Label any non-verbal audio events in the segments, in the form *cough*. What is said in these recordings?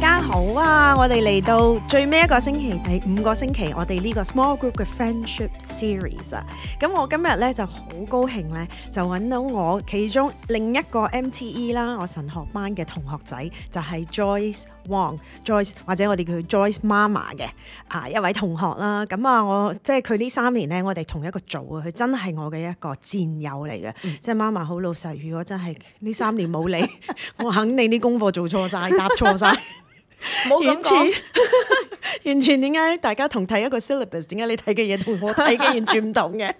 家好啊！我哋嚟到最尾一個星期，第五個星期，我哋呢個 small group 嘅 friendship series 啊。咁我今日咧就好高興咧，就揾到我其中另一個 MTE 啦，我神學班嘅同學仔就係、是、Wong, Joyce Wong，Joyce 或者我哋叫 Joyce Mama 嘅啊一位同學啦。咁啊，我即係佢呢三年咧，我哋同一個組啊，佢真係我嘅一個戰友嚟嘅。嗯、即係 Mama 好老實，如果真係呢三年冇理， *laughs* *laughs* 我肯定啲功課做錯晒，答錯晒。 *laughs* 完全，完全，點解大家同睇一個 syllabus？點解你睇嘅嘢，同我睇嘅完全唔同嘅？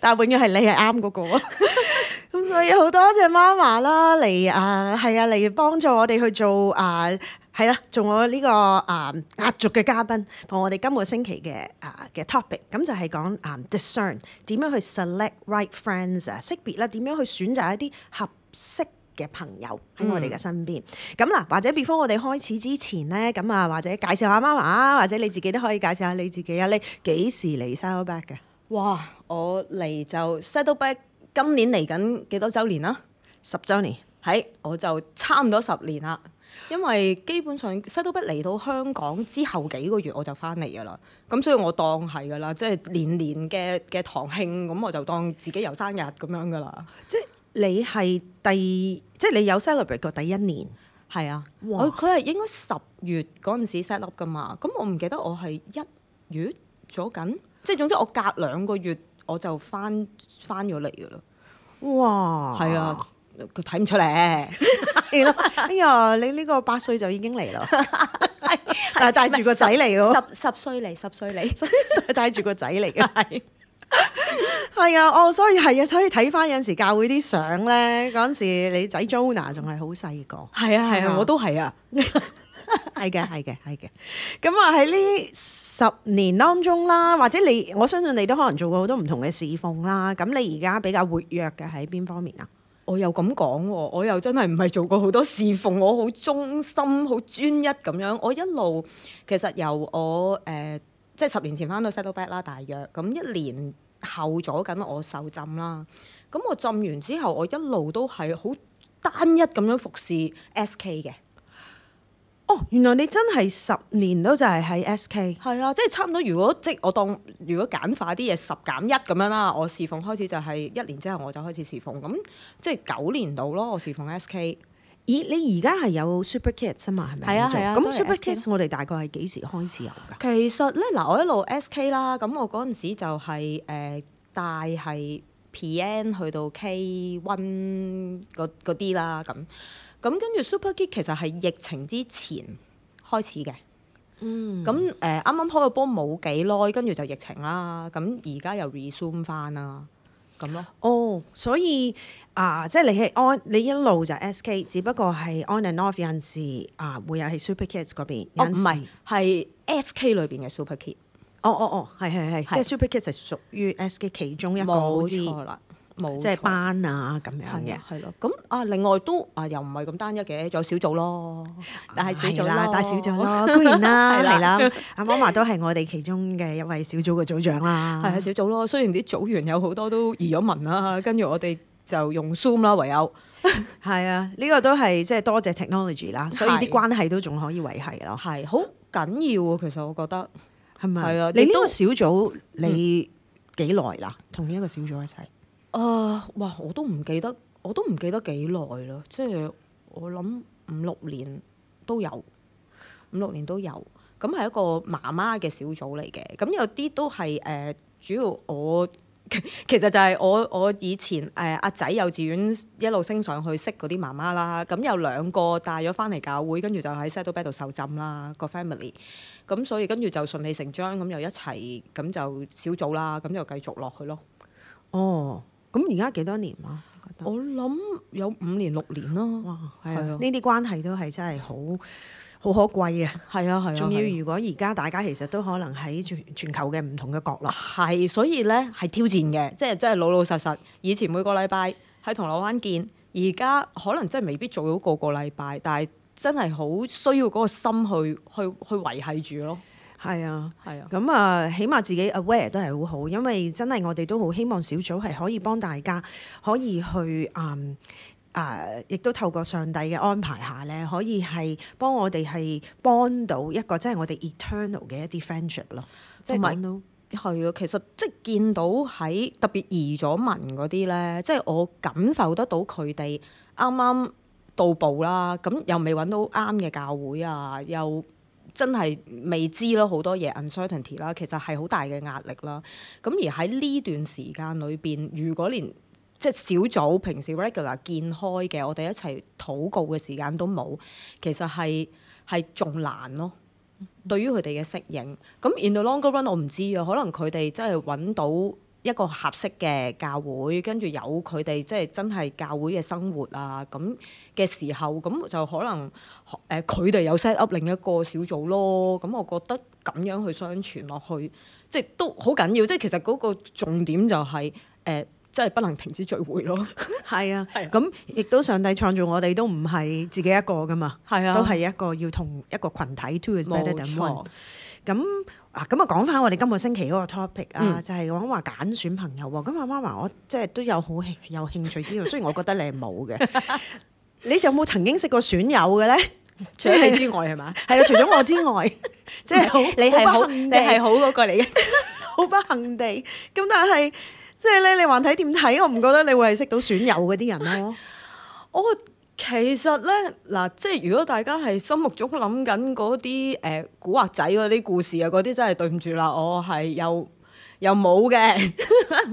但係永遠係你係啱嗰個。咁所以好多謝媽媽啦，嚟啊，係啊，嚟幫助我哋去做啊，係啦，做我呢個啊壓軸嘅嘉賓，同我哋今個星期嘅啊嘅 topic，咁就係講啊 discern 點樣去 select right friends 啊，識別啦，點樣去選擇一啲合適。嘅朋友喺我哋嘅身邊，咁嗱、嗯，或者別方，我哋開始之前呢，咁啊，或者介紹下媽媽或者你自己都可以介紹下你自己你、嗯、啊。你幾時嚟 Saddleback 嘅？哇！我嚟就 Saddleback。Back, 今年嚟緊幾多周年啦？十周年係。我就差唔多十年啦，因為基本上 Saddleback 嚟到香港之後幾個月我就翻嚟噶啦，咁所以我當係噶啦，即係年年嘅嘅堂慶，咁我就當自己又生日咁樣噶啦，即你係第即係你有 celebrate 過第一年係啊，佢佢係應該十月嗰陣時 set up 噶嘛，咁我唔記得我係一月咗緊，即係總之我隔兩個月我就翻翻咗嚟噶啦，哇，係啊，佢睇唔出嚟，係咯，哎呀，你呢個八歲就已經嚟啦， *laughs* 帶住個仔嚟咯， *laughs* 十十歲嚟，十歲嚟，歲 *laughs* 帶住個仔嚟嘅係。 *laughs* 係啊，我所以係啊，所以睇翻有陣時教會啲相咧，嗰陣 *laughs* 時你仔 Jonah 仲係好細個，係啊係啊，我都係啊，係嘅係嘅係嘅。咁啊喺呢十年當中啦，或者你我相信你都可能做過好多唔同嘅侍奉啦。咁你而家比較活躍嘅喺邊方面啊？我又咁講，我又真係唔係做過好多侍奉，我好忠心、好專一咁樣。我一路其實由我誒。呃即係十年前翻到 Saddleback 啦，大約咁一年後咗，緊我受浸啦。咁我浸完之後，我一路都係好單一咁樣服侍 SK 嘅。哦，原來你真係十年都就係喺 SK。係啊，即係差唔多。如果即我當，如果簡化啲嘢十減一咁樣啦，我侍奉開始就係一年之後我就開始侍奉，咁即係九年度咯，我侍奉 SK。咦，你而家係有 Super Kids，係係 Super Kids 啊嘛，係咪啊？叫啊。咁 Super Kids 我哋大概係幾時開始有㗎？其實咧，嗱，我一路 SK 啦，咁我嗰陣時就係、是、誒、呃、帶係 PN 去到 K1 嗰嗰啲啦，咁咁跟住 Super Kids 其實係疫情之前開始嘅，嗯，咁誒啱啱開個波冇幾耐，跟住就疫情啦，咁而家又 resume 翻啦。咁咯。哦，所以啊，即係你係 on，你一路就 SK，只不過係 on and off 有陣時啊，會有喺 Super Kids 嗰邊有時哦 Kids, 哦。哦，唔係，係 SK 裏邊嘅 Super Kids 哦哦哦，係係係，是即係 Super Kids 係屬於 SK 其中一個。冇錯啦。冇即係班啊咁樣嘅，係咯。咁啊，另外都啊又唔係咁單一嘅，仲有小組咯。但係小組啦，大小組咯，固然啦，係啦。阿媽媽都係我哋其中嘅一位小組嘅組長啦。係啊，小組咯。雖然啲組員有好多都移咗民啦，跟住我哋就用 Zoom 啦。唯有係啊，呢個都係即係多謝 technology 啦。所以啲關係都仲可以維繫啦。係好緊要啊！其實我覺得係咪？係啊。你呢個小組你幾耐啦？同呢一個小組一齊？啊！哇，uh！我都唔記得，我都唔記得幾耐啦。即係我諗五六年都有，五六年都有。咁係一個媽媽嘅小組嚟嘅。咁有啲都係誒、呃，主要我其實就係我我以前誒阿仔幼稚園一路升上去識嗰啲媽媽啦。咁有兩個帶咗返嚟教會，跟住就喺 Saddleback 度受浸啦、個 family。咁所以跟住就順理成章咁又一齊咁就小組啦，咁就繼續落去咯。哦。Oh. 咁而家幾多年啊？我諗有五年六年咯。哇，係啊，呢啲、啊、關係都係真係好好可貴嘅。係啊，係啊。仲要如果而家大家其實都可能喺全全球嘅唔同嘅角落，係，所以咧係挑戰嘅，即係真係老老實實。以前每個禮拜喺銅鑼灣見，而家可能真係未必做到個個禮拜，但係真係好需要嗰個心去去去維繫住咯。係啊，係啊，咁啊，起碼自己 aware 都係好好，因為真係我哋都好希望小組係可以幫大家，可以去嗯啊，亦都透過上帝嘅安排下咧，可以係幫我哋係幫到一個、就是一嗯、即係我哋 eternal 嘅一啲 friendship 咯，即係講到係啊，其實即係見到喺特別移咗民嗰啲咧，即係我感受得到佢哋啱啱到步啦，咁又未揾到啱嘅教會啊，又。真係未知咯，好多嘢 uncertainty 啦，其實係好大嘅壓力啦。咁而喺呢段時間裏邊，如果連即係小組平時 regular 見開嘅，我哋一齊禱告嘅時間都冇，其實係係仲難咯。對於佢哋嘅適應，咁 in the longer run 我唔知啊，可能佢哋真係揾到。一個合適嘅教會，跟住有佢哋即係真係教會嘅生活啊，咁嘅時候咁就可能誒佢哋有 set up 另一個小組咯，咁我覺得咁樣去相傳落去，即係都好緊要。即係其實嗰個重點就係誒，即係不能停止聚會咯。係啊，咁亦都上帝創造我哋都唔係自己一個㗎嘛，係啊，都係一個要同一個羣體，two is better than one。咁嗱，咁啊，講翻我哋今個星期嗰個 topic 啊，嗯、就係講話揀選朋友喎。咁阿媽話我即係都有好有興趣之類，雖然我覺得你係冇嘅。你有冇曾經識過損友嘅咧？ *laughs* *laughs* 除咗你之外係嘛？係啊，除咗我之外，即係你係好，你係好嗰個嚟嘅，好不幸地。咁但係即係咧，你話睇點睇？我唔覺得你會係識到損友嗰啲人咯。我。其實咧，嗱，即係如果大家係心目中諗緊嗰啲誒古惑仔嗰啲故事啊，嗰啲真係對唔住啦，我、哦、係又又冇嘅，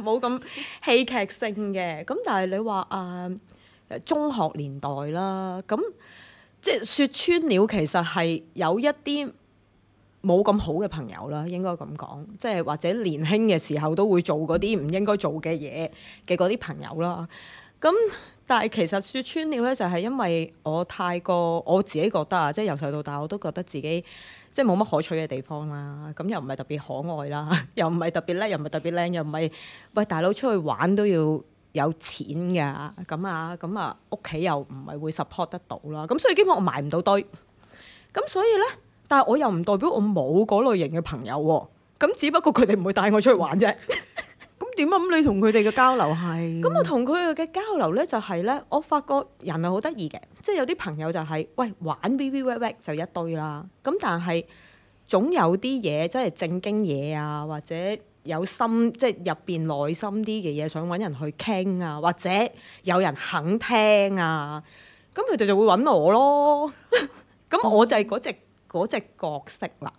冇 *laughs* 咁戲劇性嘅。咁但係你話啊，誒中學年代啦，咁即係説穿了，其實係有一啲冇咁好嘅朋友啦，應該咁講，即係或者年輕嘅時候都會做嗰啲唔應該做嘅嘢嘅嗰啲朋友啦，咁。但係其實説穿了咧，就係因為我太過我自己覺得啊，即係由細到大我都覺得自己即係冇乜可取嘅地方啦。咁又唔係特別可愛啦，又唔係特別叻，又唔係特別靚，又唔係，喂，大佬出去玩都要有錢㗎。咁啊，咁啊屋企又唔係會 support 得到啦。咁所以基本上我埋唔到堆。咁所以咧，但係我又唔代表我冇嗰類型嘅朋友喎。咁只不過佢哋唔會帶我出去玩啫。點啊？咁你同佢哋嘅交流係，咁我同佢哋嘅交流咧就係咧，我發覺人係好得意嘅，即、就、係、是、有啲朋友就係、是、喂玩 V V w 就一堆啦。咁但係總有啲嘢真係正經嘢啊，或者有心即係入邊內心啲嘅嘢想揾人去傾啊，或者有人肯聽啊，咁佢哋就會揾我咯。咁 *laughs* 我就係嗰隻隻角色啦。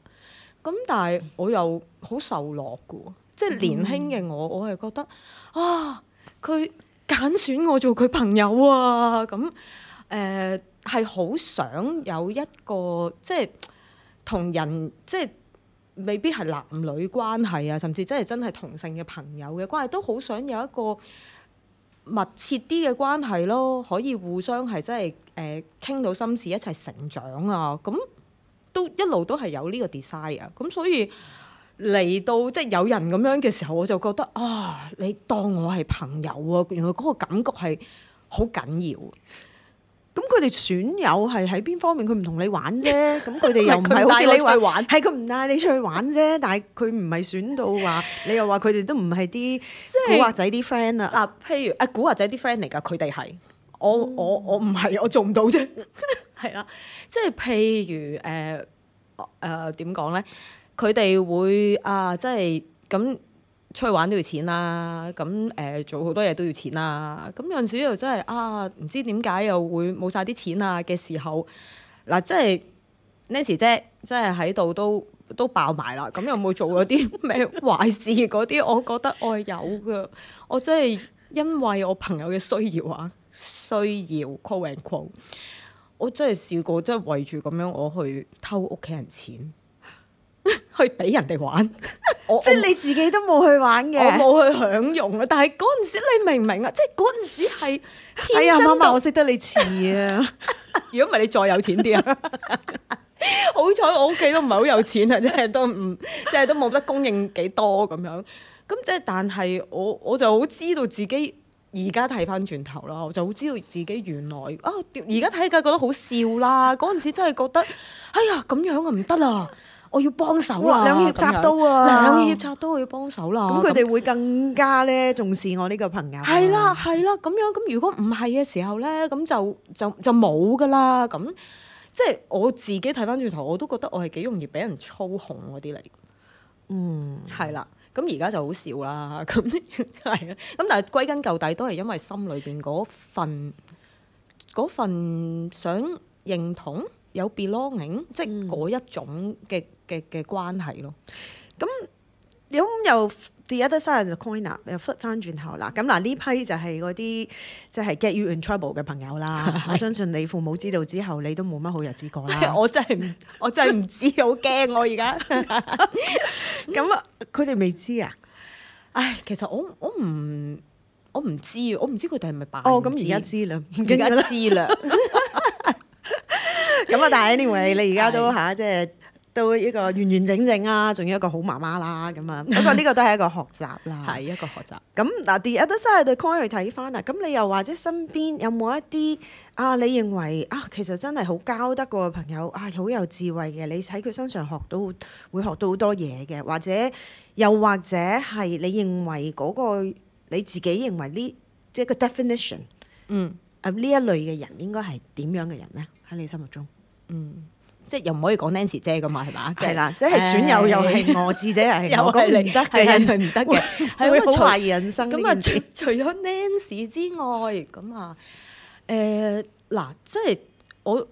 咁但係我又好受落嘅喎。即係年輕嘅我，我係覺得啊，佢揀選我做佢朋友啊，咁誒係好想有一個即係同人即係未必係男女關係啊，甚至即係真係同性嘅朋友嘅關係，都好想有一個密切啲嘅關係咯，可以互相係真係誒傾到心事，一齊成長啊，咁都一路都係有呢個 desire，咁、啊、所以。嚟到即係有人咁樣嘅時候，我就覺得啊，你當我係朋友啊，原來嗰個感覺係好緊要。咁佢哋損友係喺邊方面？佢唔同你玩啫，咁佢哋又唔係好似你 *laughs* 去玩，係佢唔帶你出去玩啫，但係佢唔係損到話， *laughs* 你又話佢哋都唔係啲古惑仔啲 friend 啊。嗱、啊，譬如阿、啊、古惑仔啲 friend 嚟㗎，佢哋係我我我唔係，我做唔到啫。係 *laughs* 啦， *laughs* 即係譬如誒誒點講咧？呃呃呃呃佢哋會啊，即係咁出去玩都要錢啦、啊，咁誒、呃、做好多嘢都要錢啦、啊。咁有陣時又真係啊，唔知點解又會冇晒啲錢啊嘅時候，嗱、啊，即係 Nancy 姐，即係喺度都都爆埋啦。咁又冇做嗰啲咩壞事嗰啲， *laughs* 我覺得我係有嘅，我真係因為我朋友嘅需要啊，需要 （quote unquote）。我真係試過，真係為住咁樣我去偷屋企人錢。去俾人哋玩， *laughs* 即係你自己都冇去玩嘅， *laughs* 我冇去享用啊！但係嗰陣時你明唔明啊？即係嗰陣時係，哎呀，媽媽，我識得你遲啊！如果唔係你再有錢啲啊， *laughs* 好彩我屋企都唔係好有錢啊，即係都唔，即係都冇得供應幾多咁樣。咁即係但係我我就好知道自己而家睇翻轉頭啦，我就好知道自己原來啊，而家睇緊覺得好笑啦。嗰陣時真係覺得，哎呀咁樣啊唔得啦！我要幫手啦，兩肋插刀啊！樣兩肋插刀我要幫手啦。咁佢哋會更加咧重視我呢個朋友。係啦， *laughs* 係啦，咁樣咁如果唔係嘅時候咧，咁就就就冇噶啦。咁即係我自己睇翻轉頭，我都覺得我係幾容易俾人操控嗰啲嚟。嗯，係啦的。咁而家就好少啦。咁係啊。咁但係歸根究底都係因為心裏邊嗰份嗰份想認同。有 belonging，、嗯、即係嗰一種嘅嘅嘅關係咯。咁你、嗯、又 the other side of the coin 又翻翻轉頭啦。咁嗱呢批就係嗰啲即係 get you in trouble 嘅朋友啦。是是我相信你父母知道之後，你都冇乜好日子過啦。 *laughs* 我真係我真係唔知，好驚 *laughs* 我而家。咁啊，佢哋未知啊？唉，其實我我唔我唔知我唔知佢哋係咪白。哦，咁而家知啦，而家知啦。咁是啊，但係 anyway，你而家都吓，即係都一個完完整整啊，仲要一個好媽媽啦。咁啊，不過呢個都係一個學習啦，係 *laughs* 一個學習。咁嗱，the other side of the coin 去睇翻啊。咁你又或者身邊有冇一啲啊？你認為啊，其實真係好交得過嘅朋友啊，好有智慧嘅，你喺佢身上學到會學到好多嘢嘅，或者又或者係你認為嗰、那個你自己認為呢，即係個 definition，嗯，呢、啊、一類嘅人應該係點樣嘅人呢？喺你心目中？嗯，即係又唔可以講 Nancy 姐噶嘛，係嘛？即係啦，即係選友又係我，智者又係有咁唔得，嘅， *laughs* 係唔得嘅，係會好懷疑人生除。咁啊麼，除除咗 Nancy 之外，咁啊， *laughs* 誒、呃，嗱，即係我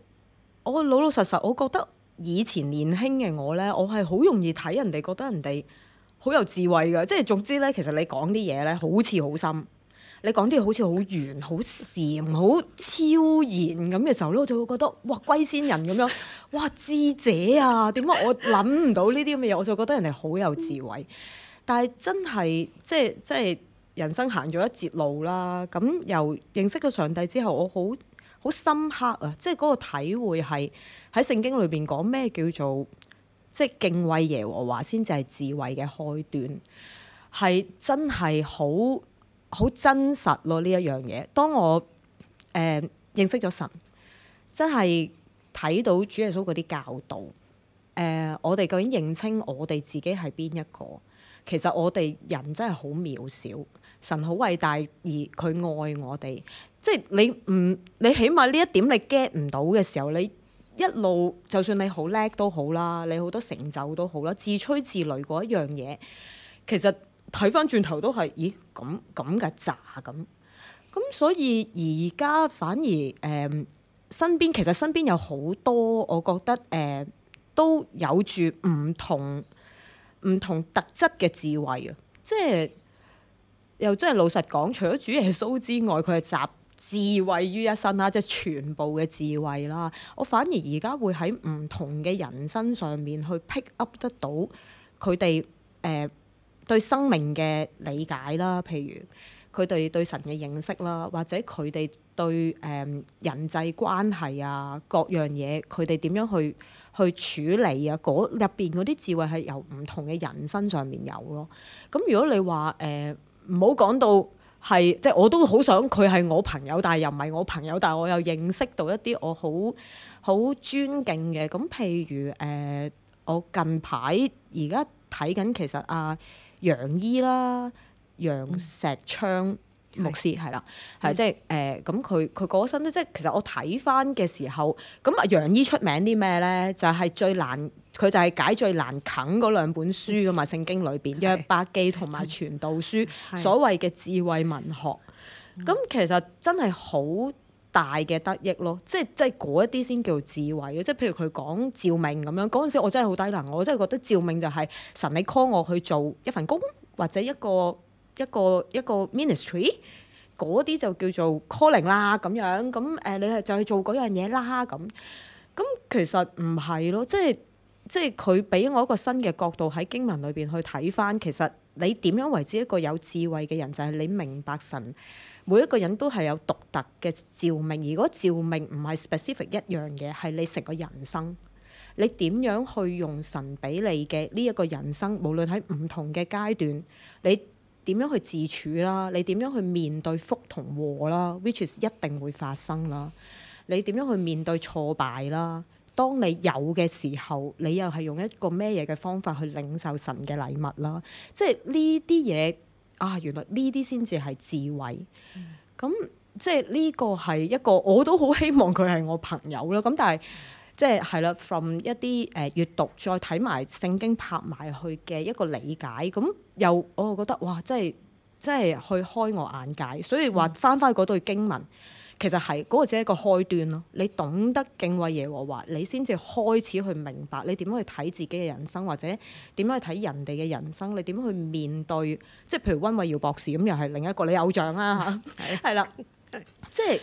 我老老實實，我覺得以前年輕嘅我咧，我係好容易睇人哋，覺得人哋好有智慧嘅，即係總之咧，其實你講啲嘢咧，好似好深。你講啲好似好圓、好禪、好超然咁嘅時候咧，我就會覺得哇，龜仙人咁樣，哇智者啊，點解我諗唔到呢啲咁嘅嘢？我就覺得人哋好有智慧。但係真係即係即係人生行咗一截路啦。咁又認識咗上帝之後，我好好深刻啊！即係嗰個體會係喺聖經裏邊講咩叫做即係敬畏耶和華先至係智慧嘅開端，係真係好。好真實咯，呢一樣嘢。當我誒、呃、認識咗神，真係睇到主耶穌嗰啲教導，誒、呃、我哋究竟認清我哋自己係邊一個？其實我哋人真係好渺小，神好偉大而佢愛我哋。即係你唔你起碼呢一點你 get 唔到嘅時候，你一路就算你好叻都好啦，你好多成就都好啦，自吹自擂嗰一樣嘢，其實。睇翻轉頭都係，咦咁咁嘅咋咁，咁所以而家反而誒、呃、身邊其實身邊有好多，我覺得誒、呃、都有住唔同唔同特質嘅智慧啊！即係又真係老實講，除咗主耶穌之外，佢係集智慧於一身啦，即係全部嘅智慧啦。我反而而家會喺唔同嘅人身上面去 pick up 得到佢哋誒、呃對生命嘅理解啦，譬如佢哋對神嘅認識啦，或者佢哋對誒人際關係啊，各樣嘢佢哋點樣去去處理啊，嗰入邊嗰啲智慧係由唔同嘅人身上面有咯。咁如果你話誒唔好講到係，即係我都好想佢係我朋友，但係又唔係我朋友，但係我又認識到一啲我好好尊敬嘅。咁譬如誒、呃，我近排而家睇緊其實啊。楊醫啦，楊錫鏘、嗯、牧師係啦，係即係誒咁佢佢過咗身咧，即係其實我睇翻嘅時候，咁阿楊醫出名啲咩咧？就係、是、最難，佢就係解最難啃嗰兩本書啊嘛，嗯、聖經裏邊約伯記同埋傳道書，嗯、所謂嘅智慧文學，咁、嗯嗯、其實真係好。大嘅得益咯，即係即係嗰一啲先叫智慧嘅，即係譬如佢講召命咁樣嗰陣時，我真係好低能，我真係覺得召命就係神你 call 我去做一份工或者一個一個一個 ministry 嗰啲就叫做 calling 啦咁樣，咁誒、呃、你係就去做嗰樣嘢啦咁，咁其實唔係咯，即係即係佢俾我一個新嘅角度喺經文裏邊去睇返，其實你點樣為之一個有智慧嘅人就係、是、你明白神。每一個人都係有獨特嘅召命。如果召命唔係 specific 一樣嘢，係你成個人生，你點樣去用神俾你嘅呢一個人生？無論喺唔同嘅階段，你點樣去自處啦？你點樣去面對福同禍啦？Which is 一定會發生啦。你點樣去面對挫敗啦？當你有嘅時候，你又係用一個咩嘢嘅方法去領受神嘅禮物啦？即係呢啲嘢。啊，原來呢啲先至係智慧，咁、嗯、即係呢個係一個我都好希望佢係我朋友啦。咁但係即係係啦，from 一啲誒閱讀，再睇埋聖經拍埋去嘅一個理解，咁又我覺得哇，真係真係去開我眼界，所以話翻返去嗰度經文。嗯其實係嗰、那個只係一個開端咯，你懂得敬畏耶和華，你先至開始去明白你點樣去睇自己嘅人生，或者點樣去睇人哋嘅人生，你點樣去面對？即係譬如温慧耀博士咁，又係另一個你偶像啦、啊、嚇，係啦， *laughs* 即係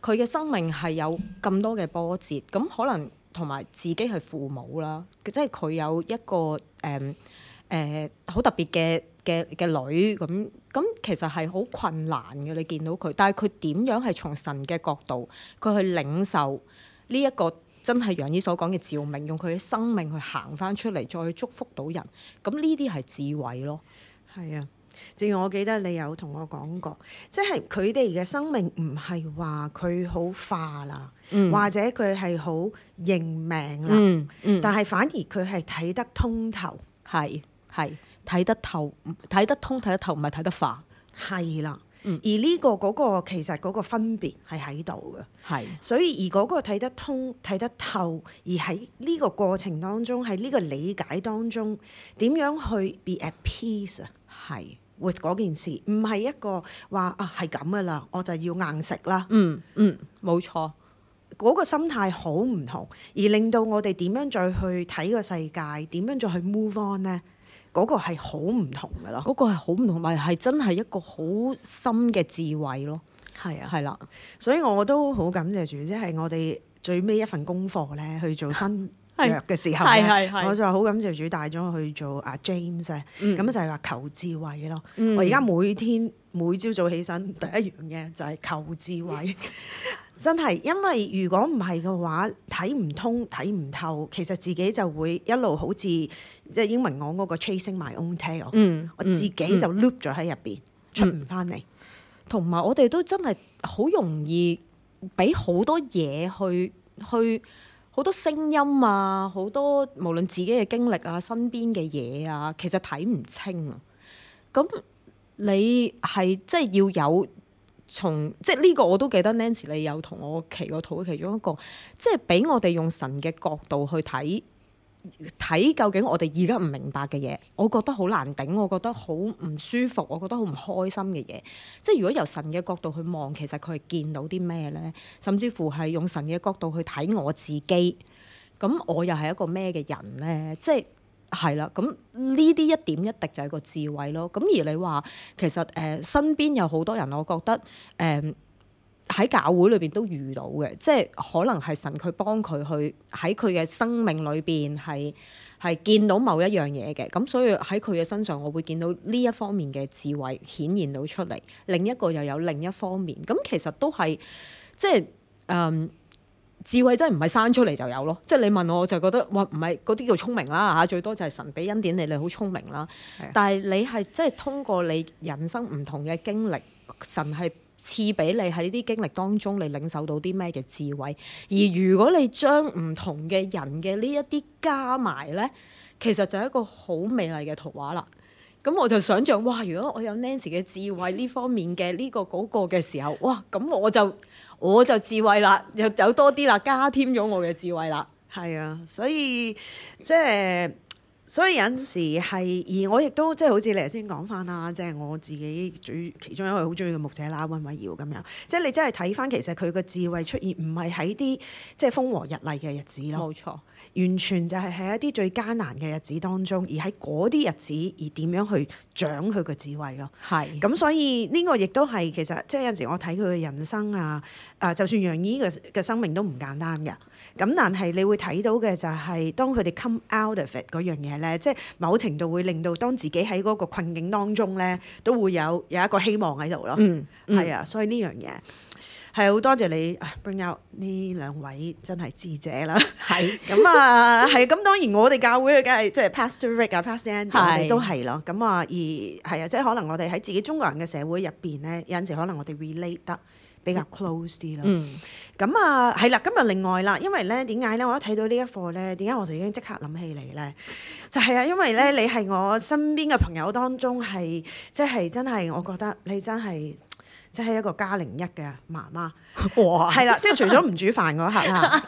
佢嘅生命係有咁多嘅波折，咁可能同埋自己係父母啦，即係佢有一個誒誒好特別嘅。嘅嘅女咁咁其實係好困難嘅，你見到佢，但係佢點樣係從神嘅角度，佢去領受呢一個真係楊姨所講嘅召命，用佢嘅生命去行翻出嚟，再去祝福到人。咁呢啲係智慧咯。係啊，正如我記得你有同我講過，即係佢哋嘅生命唔係話佢好化啦，嗯、或者佢係好認命啦，嗯嗯、但係反而佢係睇得通透，係係。睇得透、睇得通、睇得透，唔係睇得化。係啦了，嗯、而呢個嗰個其實嗰個分別係喺度嘅。係是。所以而嗰個睇得通、睇得透，而喺呢個過程當中、喺呢個理解當中，點樣去 be at peace 啊是？係 with 嗰件事，唔係一個話啊係咁嘅啦，我就要硬食啦、嗯。嗯嗯，冇錯。嗰個心態好唔同，而令到我哋點樣再去睇個世界，點樣再去 move on 咧？嗰個係好唔同嘅咯，嗰個係好唔同，咪係真係一個好深嘅智慧咯。係啊，係啦了，所以我都好感謝主，即、就、係、是、我哋最尾一份功課咧去做新約嘅時候咧，我就話好感謝主帶咗我去做阿 James，咁、嗯、就係話求智慧咯。我而家每天每朝早起身第一樣嘢就係求智慧。嗯 *laughs* 真係，因為如果唔係嘅話，睇唔通，睇唔透，其實自己就會一路好似即係英文講嗰、嗰個 chasing my own tail，我自己就 loop 咗喺入邊，嗯、出唔翻嚟。同埋、嗯、我哋都真係好容易俾好多嘢去去好多聲音啊，好多無論自己嘅經歷啊、身邊嘅嘢啊，其實睇唔清啊。咁你係即係要有。從即係呢個我都記得，Nancy 你有同我祈過禱其中一個，即係俾我哋用神嘅角度去睇睇究竟我哋而家唔明白嘅嘢，我覺得好難頂，我覺得好唔舒服，我覺得好唔開心嘅嘢。即係如果由神嘅角度去望，其實佢係見到啲咩咧？甚至乎係用神嘅角度去睇我自己，咁我又係一個咩嘅人咧？即係。係啦，咁呢啲一點一滴就係個智慧咯。咁而你話其實誒、呃、身邊有好多人，我覺得誒喺、呃、教會裏邊都遇到嘅，即係可能係神佢幫佢去喺佢嘅生命裏邊係係見到某一樣嘢嘅。咁所以喺佢嘅身上，我會見到呢一方面嘅智慧顯現到出嚟。另一個又有另一方面，咁其實都係即係嗯。呃智慧真係唔係生出嚟就有咯，即係你問我，我就覺得哇，唔係嗰啲叫聰明啦嚇，最多就係神俾恩典你，你好聰明啦。是的 但係你係真係通過你人生唔同嘅經歷，神係賜俾你喺呢啲經歷當中，你領受到啲咩嘅智慧。而如果你將唔同嘅人嘅呢一啲加埋咧，其實就係一個好美麗嘅圖畫啦。咁我就想像，哇！如果我有 Nancy 嘅智慧呢方面嘅呢、這個嗰、這個嘅、這個、時候，哇！咁我就我就智慧啦，有有多啲啦，加添咗我嘅智慧啦。係啊，所以即係所以有陣時係，而我亦都即係好似你頭先講翻啦，即係我自己最其中一位好中意嘅牧者啦，溫偉耀咁樣，即係你真係睇翻，其實佢嘅智慧出現唔係喺啲即係風和日麗嘅日子咯。冇錯。完全就係喺一啲最艱難嘅日子當中，而喺嗰啲日子而點樣去長佢個智慧咯。係是，咁所以呢個亦都係其實即係有陣時我睇佢嘅人生啊，誒、啊，就算楊姨嘅嘅生命都唔簡單嘅。咁但係你會睇到嘅就係、是、當佢哋 come out of it 嗰樣嘢咧，即係某程度會令到當自己喺嗰個困境當中咧，都會有有一個希望喺度咯。嗯，係啊，所以呢樣嘢。係好多謝你 bring out 呢兩位真係智者啦，係咁 *laughs* 啊，係咁當然我哋教會嘅梗係即係 Pastor Rick 啊，Pastor Andy，我哋都係咯，咁啊而係啊，即係可能我哋喺自己中國人嘅社會入邊咧，有陣時可能我哋 relate 得比較 close 啲咯。咁、嗯、啊係啦，今日另外啦，因為咧點解咧？我一睇到呢一課咧，點解我就已經即刻諗起你咧？就係啊，因為咧你係我身邊嘅朋友當中係即係真係，我覺得你真係。即係一個加零一嘅媽媽，哇！係啦，即係除咗唔煮飯嗰一刻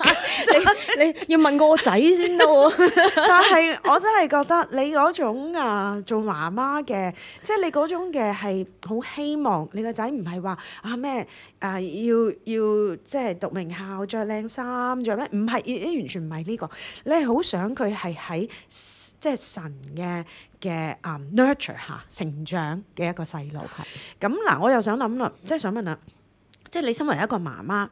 *laughs* *laughs* 你，你要問過個仔先得喎。 *laughs* 但係我真係覺得你嗰種啊做媽媽嘅，即係你嗰種嘅係好希望你個仔唔係話啊咩啊要要即係讀名校、着靚衫、着咩？唔係，完全唔係呢個。你係好想佢係喺。即係神嘅嘅啊 nurture 吓成長嘅一個細路，咁嗱， *laughs* 我又想諗啦，即係想問啦，即係你身為一個媽媽，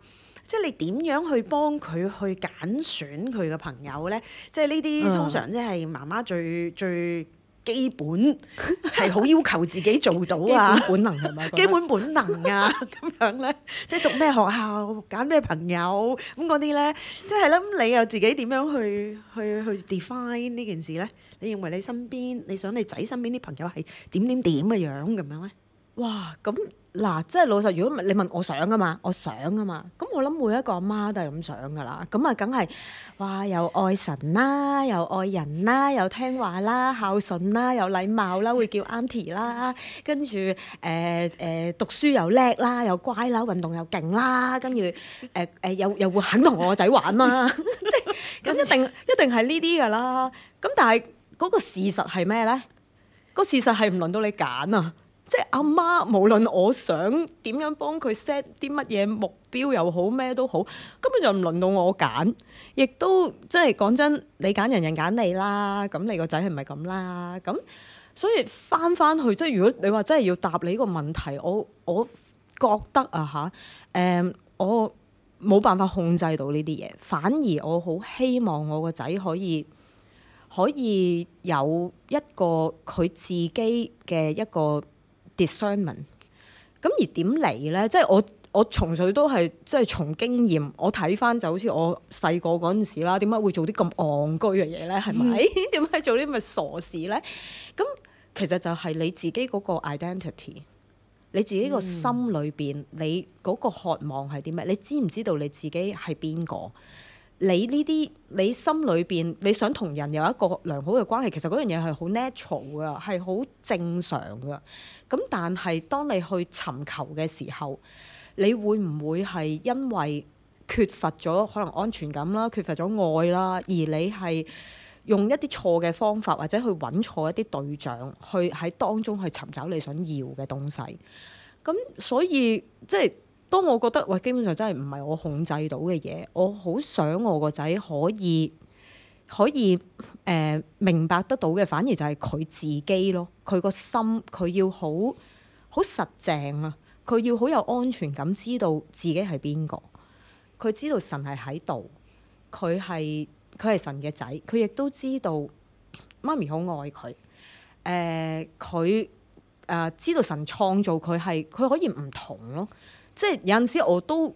即係你點樣去幫佢去揀選佢嘅朋友咧？即係呢啲通常即係媽媽最最。嗯最基本係好要求自己做到啊， *laughs* 基本本能係咪？是是 *laughs* 基本本能啊，咁樣咧，即係讀咩學校，揀咩朋友，咁嗰啲咧，即係咧，你又自己點樣去去去 define 呢件事咧？你認為你身邊，你想你仔身邊啲朋友係點點點嘅樣咁樣咧？哇！咁嗱，即係老實，如果你問我想啊嘛，我想啊嘛。咁我諗每一個阿媽，媽都係咁想噶啦。咁啊，梗係哇又愛神啦，又愛人啦，又聽話啦，孝順啦，有禮貌啦，會叫 Auntie 啦。跟住誒誒，讀書又叻啦，又乖啦，運動又勁啦。跟住誒誒，又又會肯同我仔玩啦。 *laughs* *laughs* 即係咁一定 *laughs* 一定係呢啲嘅啦。咁但係嗰個事實係咩咧？個事實係唔輪到你揀啊！即係阿媽，媽，無論我想點樣幫佢 set 啲乜嘢目標又好咩都好，根本就唔輪到我揀，亦都即係講真，你揀人人揀你啦。咁你個仔係唔係咁啦？咁所以翻翻去即係，如果你話真係要答你呢個問題，我我覺得啊吓，誒、嗯，我冇辦法控制到呢啲嘢，反而我好希望我個仔可以可以有一個佢自己嘅一個。Discernment，咁而點嚟咧？即係我我從粹都係即係從經驗，我睇翻就好似我細個嗰陣時啦，點解會做啲咁戇居嘅嘢咧？係咪？點解、嗯、做啲咁嘅傻事咧？咁其實就係你自己嗰個 identity，你自己個心裏邊，你嗰個渴望係啲咩？嗯、你知唔知道你自己係邊個？你呢啲，你心裏邊，你想同人有一個良好嘅關係，其實嗰樣嘢係好 natural 噶，係好正常噶。咁但係當你去尋求嘅時候，你會唔會，係因為缺乏咗可能安全感啦、缺乏咗愛啦，而你係用一啲錯嘅方法或者去揾錯一啲對象，去喺當中去尋找你想要嘅東西？咁所以即係。當我覺得喂，基本上真係唔係我控制到嘅嘢，我好想我個仔可以可以誒、呃、明白得到嘅，反而就係佢自己咯。佢個心，佢要好好實淨啊！佢要好有安全感，知道自己係邊個，佢知道神係喺度，佢係佢係神嘅仔，佢亦都知道媽咪好愛佢。誒佢啊，知道神創造佢係佢可以唔同咯。即係有陣時我都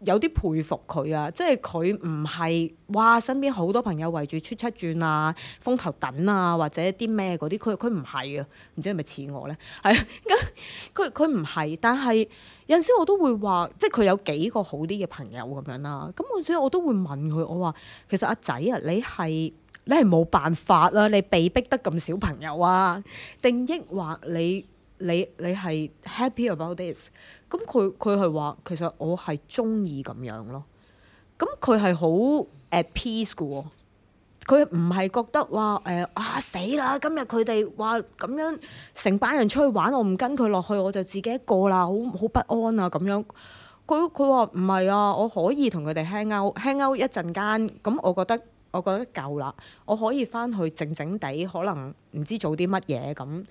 有啲佩服佢啊！即係佢唔係哇，身邊好多朋友圍住出出轉啊、風頭等啊，或者啲咩嗰啲，佢佢唔係啊！唔知係咪似我咧？係啊，佢佢唔係，但係有陣時我都會話，即係佢有幾個好啲嘅朋友咁樣啦。咁我所以我都會問佢，我話其實阿仔啊，你係你係冇辦法啦，你被逼得咁少朋友啊？定抑或你？你你係 happy about this？咁佢佢係話其實我係鍾意咁樣咯。咁佢係好 at peace 噶喎。佢唔係覺得話誒啊死啦！今日佢哋話咁樣成班人出去玩，我唔跟佢落去，我就自己一個啦，好好不安啊咁樣。佢佢話唔係啊，我可以同佢哋 hang out hang out 一陣間。咁我覺得我覺得夠啦。我可以返去靜靜地，可能唔知做啲乜嘢咁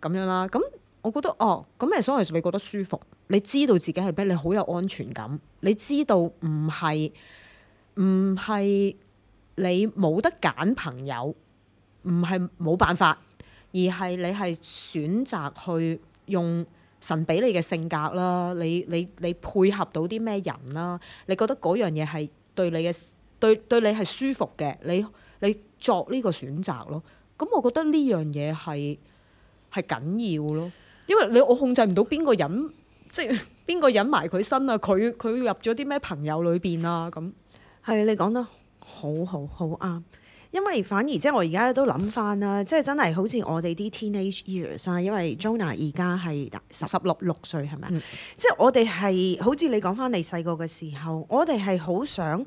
咁樣啦。咁我覺得哦，咁係所謂，你覺得舒服，你知道自己係咩，你好有安全感，你知道唔係唔係你冇得揀朋友，唔係冇辦法，而係你係選擇去用神俾你嘅性格啦，你你你配合到啲咩人啦，你覺得嗰樣嘢係對你嘅對對你係舒服嘅，你你作呢個選擇咯。咁我覺得呢樣嘢係係緊要咯。因為你我控制唔到邊個人，即係邊個人埋佢身啊！佢佢入咗啲咩朋友裏邊啊！咁係你講得好好好啱。因為反而即係我而家都諗翻啦，即係真係好似我哋啲 teenage years 啊，因為 Jonah 而家係十十六六歲係咪、嗯、即係我哋係好似你講翻你細個嘅時候，我哋係好想。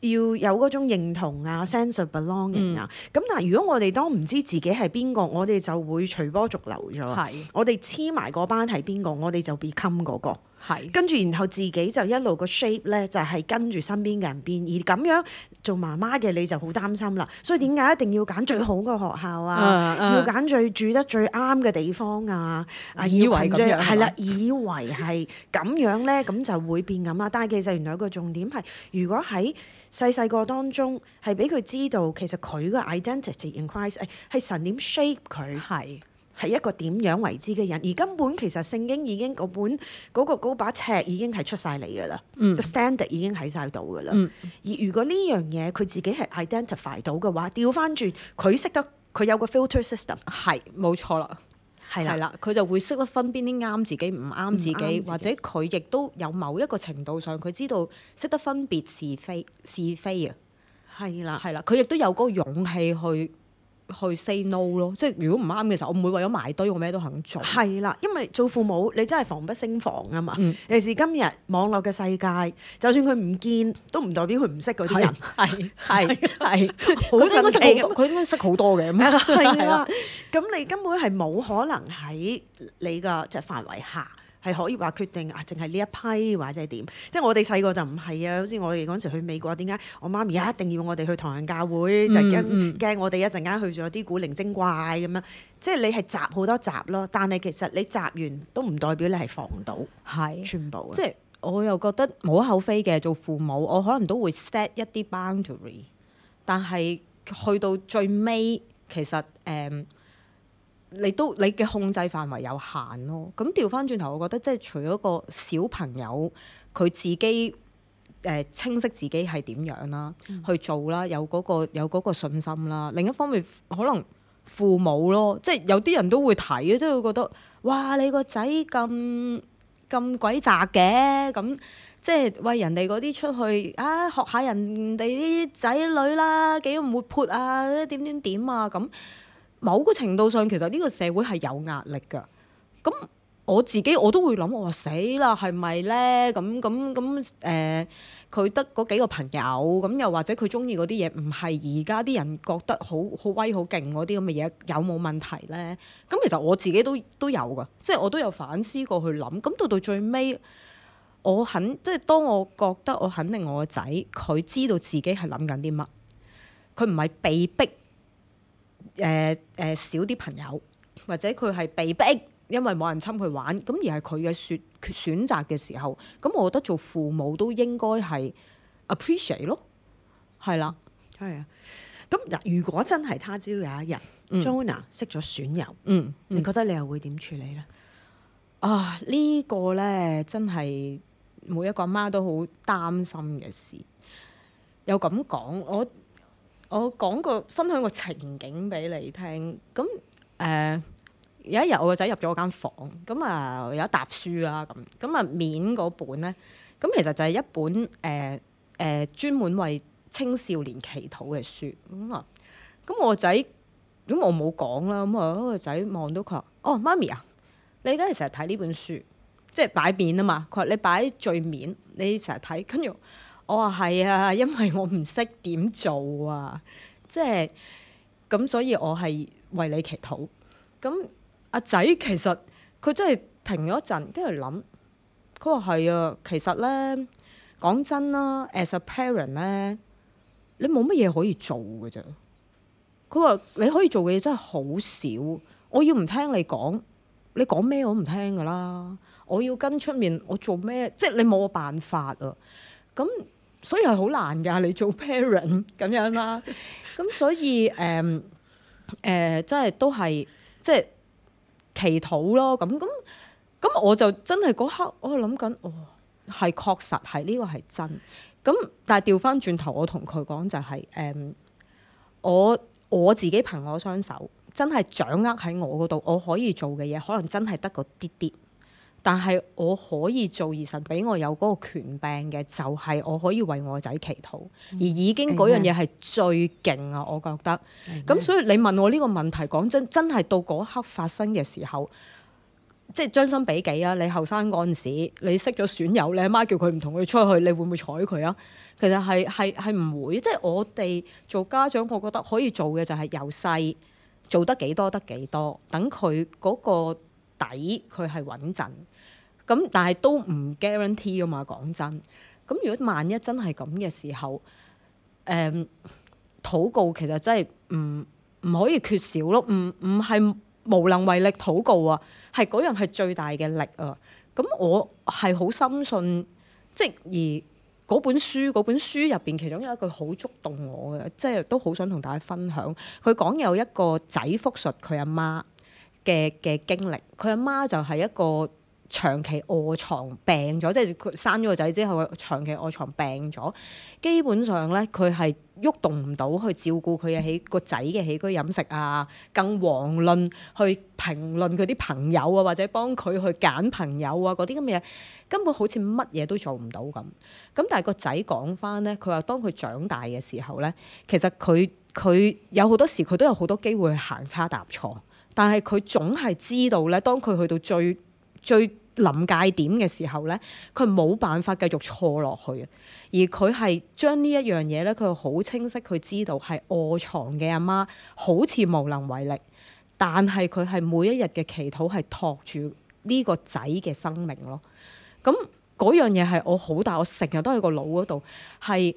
要有嗰種認同啊，sense of belonging 啊，咁、嗯、但係如果我哋當唔知自己係邊個，我哋就會隨波逐流咗是。我哋黐埋嗰班係邊個，我哋就 become 嗰個。係，跟住然後自己就一路個 shape 咧，就係跟住身邊嘅人變。而咁樣做媽媽嘅你就好擔心啦。所以點解一定要揀最好嘅學校啊？Uh, uh, 要揀最住得最啱嘅地方啊？啊以為咁係啦，以為係咁樣咧，咁 *laughs* 就會變咁啊。但係其實原來一個重點係，如果喺細細個當中係俾佢知道，其實佢個 identity in Christ 係神點 shape 佢係。的係一個點樣為之嘅人，而根本其實聖經已經嗰本嗰個嗰把尺已經係出晒嚟㗎啦， 嗯、 個 standard 已經喺晒度㗎啦。嗯、而如果呢樣嘢佢自己係 identify 到嘅話，調翻轉佢識得佢有個 filter system，係冇錯啦，係啦，係啦，佢就會識得分邊啲啱自己，唔啱自己，自己或者佢亦都有某一個程度上佢知道識得分別是非是非啊，係啦，係啦，佢亦都有嗰個勇氣去。去 say no 咯，即係如果唔啱嘅時候，我唔會為咗埋堆，我咩都肯做。係啦，因為做父母你真係防不勝防啊嘛。嗯，尤其是今日網絡嘅世界，就算佢唔見，都唔代表佢唔識嗰啲人。係係係，好神奇嘅，佢 *laughs* 都識好多嘅。係啊，咁的 *laughs* 的你根本係冇可能喺你嘅即係範圍下。係可以話決定啊，淨係呢一批，或者係點？即係我哋細個就唔係啊，好似我哋嗰陣時去美國，點解我媽咪一定要我哋去唐人教會？就驚驚我哋一陣間去咗啲古靈精怪咁樣。即係你係集好多集咯，但係其實你集完都唔代表你係防唔到，係是全部。即係我又覺得冇可厚非嘅，做父母我可能都會 set 一啲 boundary，但係去到最尾其實誒。嗯你都你嘅控制範圍有限咯。咁調返轉頭，我覺得即係除咗個小朋友佢自己誒、呃、清晰自己係點樣啦，去做啦，有嗰個有嗰個信心啦。另一方面，可能父母咯，即係有啲人都會睇啊，即係會覺得哇，你個仔咁咁鬼宅嘅咁，即係喂人哋嗰啲出去啊，學下人哋啲仔女啦，幾咁活潑啊，點點點啊咁。某個程度上，其實呢個社會係有壓力噶。咁我自己我都會諗，我話死啦，係咪咧？咁咁咁誒，佢得嗰幾個朋友，咁又或者佢中意嗰啲嘢，唔係而家啲人覺得好好威好勁嗰啲咁嘅嘢，有冇問題咧？咁其實我自己都都有噶，即係我都有反思過去諗。咁到到最尾，我肯，即係當我覺得我肯定我個仔，佢知道自己係諗緊啲乜，佢唔係被逼。誒誒、呃呃、少啲朋友，或者佢係被逼，因為冇人侵佢玩，咁而係佢嘅選決選擇嘅時候，咁我覺得做父母都應該係 appreciate 咯，係啦，係啊。咁如果真係他朝有一日，嗯，Jonah 識咗損友，嗯，嗯，你覺得你又會點處理咧？啊，呢個、呢個咧，真係每一個媽媽都好擔心嘅事。又咁講我。我講個分享個情景俾你聽，咁誒、呃、有一日我個仔入咗我間房，咁啊有一沓書啦，咁咁啊面嗰本咧，咁其實就係一本誒誒、呃呃、專門為青少年祈禱嘅書，咁啊，咁我個仔，咁我冇講啦，咁啊個仔望到佢話：哦媽咪啊，你而家成日睇呢本書，即係擺面啊嘛，佢話你擺最面，你成日睇，跟住。我話係啊，因為我唔識點做啊，即係咁，所以我係為你祈禱。咁阿仔其實佢真係停咗一陣，跟住諗。佢話係啊，其實咧講真啦，as a parent 咧，你冇乜嘢可以做㗎咋。」佢話你可以做嘅嘢真係好少。我要唔聽你講，你講咩我唔聽㗎啦。我要跟出面我做咩，即係你冇個辦法啊。咁所以係好難㗎，你做 parent 咁樣啦、啊，咁 *laughs* 所以誒誒、呃呃，即係都係即係祈禱咯，咁咁咁我就真係嗰刻我、哦，我係諗緊，哇，係確實係呢個係真，咁但係調翻轉頭，我同佢講就係誒，我我自己憑我雙手，真係掌握喺我嗰度，我可以做嘅嘢，可能真係得嗰啲啲。但係我可以做，而神俾我有嗰個權柄嘅，就係我可以為我仔祈禱，嗯、而已經嗰樣嘢係最勁啊！我覺得，咁、嗯、所以你問我呢個問題，講真，真係到嗰刻發生嘅時候，即係將心比己啊！你後生嗰陣時，你識咗損友，你阿媽，媽叫佢唔同佢出去，你會唔會睬佢啊？其實係係係唔會，即、就、係、是、我哋做家長，我覺得可以做嘅就係由細做得幾多得幾多，等佢嗰個。底佢係穩陣，咁但係都唔 guarantee 噶嘛講真，咁如果萬一真係咁嘅時候，誒、嗯、禱告其實真係唔唔可以缺少咯，唔唔係無能為力禱告啊，係嗰樣係最大嘅力啊，咁我係好深信，即而嗰本書嗰本書入邊其中有一句好觸動我嘅，即係都好想同大家分享，佢講有一個仔複述佢阿媽。嘅嘅經歷，佢阿媽就係一個長期臥床病咗，即係佢生咗個仔之後，長期臥床病咗，基本上咧佢係喐動唔到去照顧佢嘅起個仔嘅起居飲食啊，更遑論去評論佢啲朋友啊，或者幫佢去揀朋友啊嗰啲咁嘅嘢，根本好似乜嘢都做唔到咁。咁但係個仔講翻咧，佢話當佢長大嘅時候咧，其實佢佢有好多時佢都有好多機會去行差踏錯。但係佢總係知道咧，當佢去到最最臨界點嘅時候咧，佢冇辦法繼續錯落去啊。而佢係將呢一樣嘢咧，佢好清晰，佢知道係臥床嘅阿媽好似無能為力，但係佢係每一日嘅祈禱係托住呢個仔嘅生命咯。咁嗰樣嘢係我好大，我成日都喺個腦嗰度，係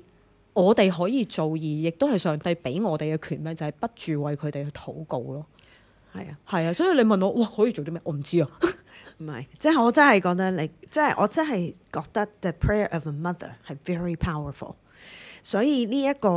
我哋可以做而亦都係上帝俾我哋嘅權柄，就係、是、不住為佢哋去禱告咯。係啊，係啊，所以你問我，哇，可以做啲咩？我唔知啊。唔係， *laughs* 即係我真係覺得你，即係我真係覺得 the prayer of a mother 係 very powerful。所以呢、這、一個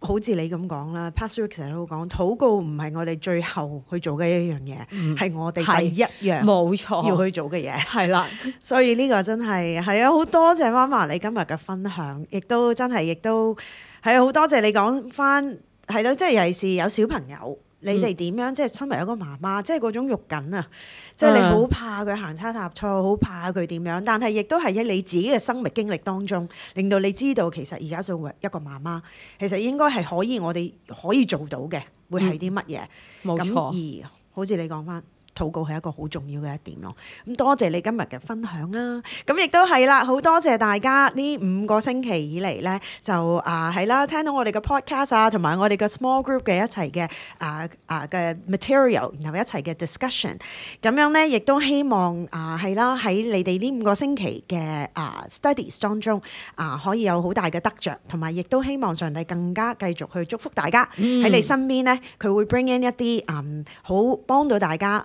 好似你咁講啦，Pastor 成日都講，禱告唔係我哋最後去做嘅一樣嘢，係、嗯、我哋第一樣冇錯要去做嘅嘢。係啦的，所以呢個真係係啊，好多謝媽媽你今日嘅分享，亦都真係亦都係好多謝你講翻係咯，即係尤其是有小朋友。你哋點樣？嗯、即係身為一個媽媽，即係嗰種肉緊啊！嗯、即係你好怕佢行差踏錯，好怕佢點樣？但係亦都係喺你自己嘅生命經歷當中，令到你知道其實而家做一個媽媽，其實應該係可以我哋可以做到嘅，會係啲乜嘢？冇錯，而好似你講翻。禱告係一個好重要嘅一點咯。咁多謝你今日嘅分享啊，咁亦都係啦，好多謝大家呢五個星期以嚟呢，就啊係啦，聽到我哋嘅 podcast 啊，同埋我哋嘅 small group 嘅一齊嘅啊啊嘅 material，然後一齊嘅 discussion。咁樣呢，亦都希望啊係啦，喺你哋呢五個星期嘅啊 studies 當中啊，可以有好大嘅得着。同埋亦都希望上帝更加繼續去祝福大家喺、嗯、你身邊呢，佢會 bring in 一啲嗯好幫到大家。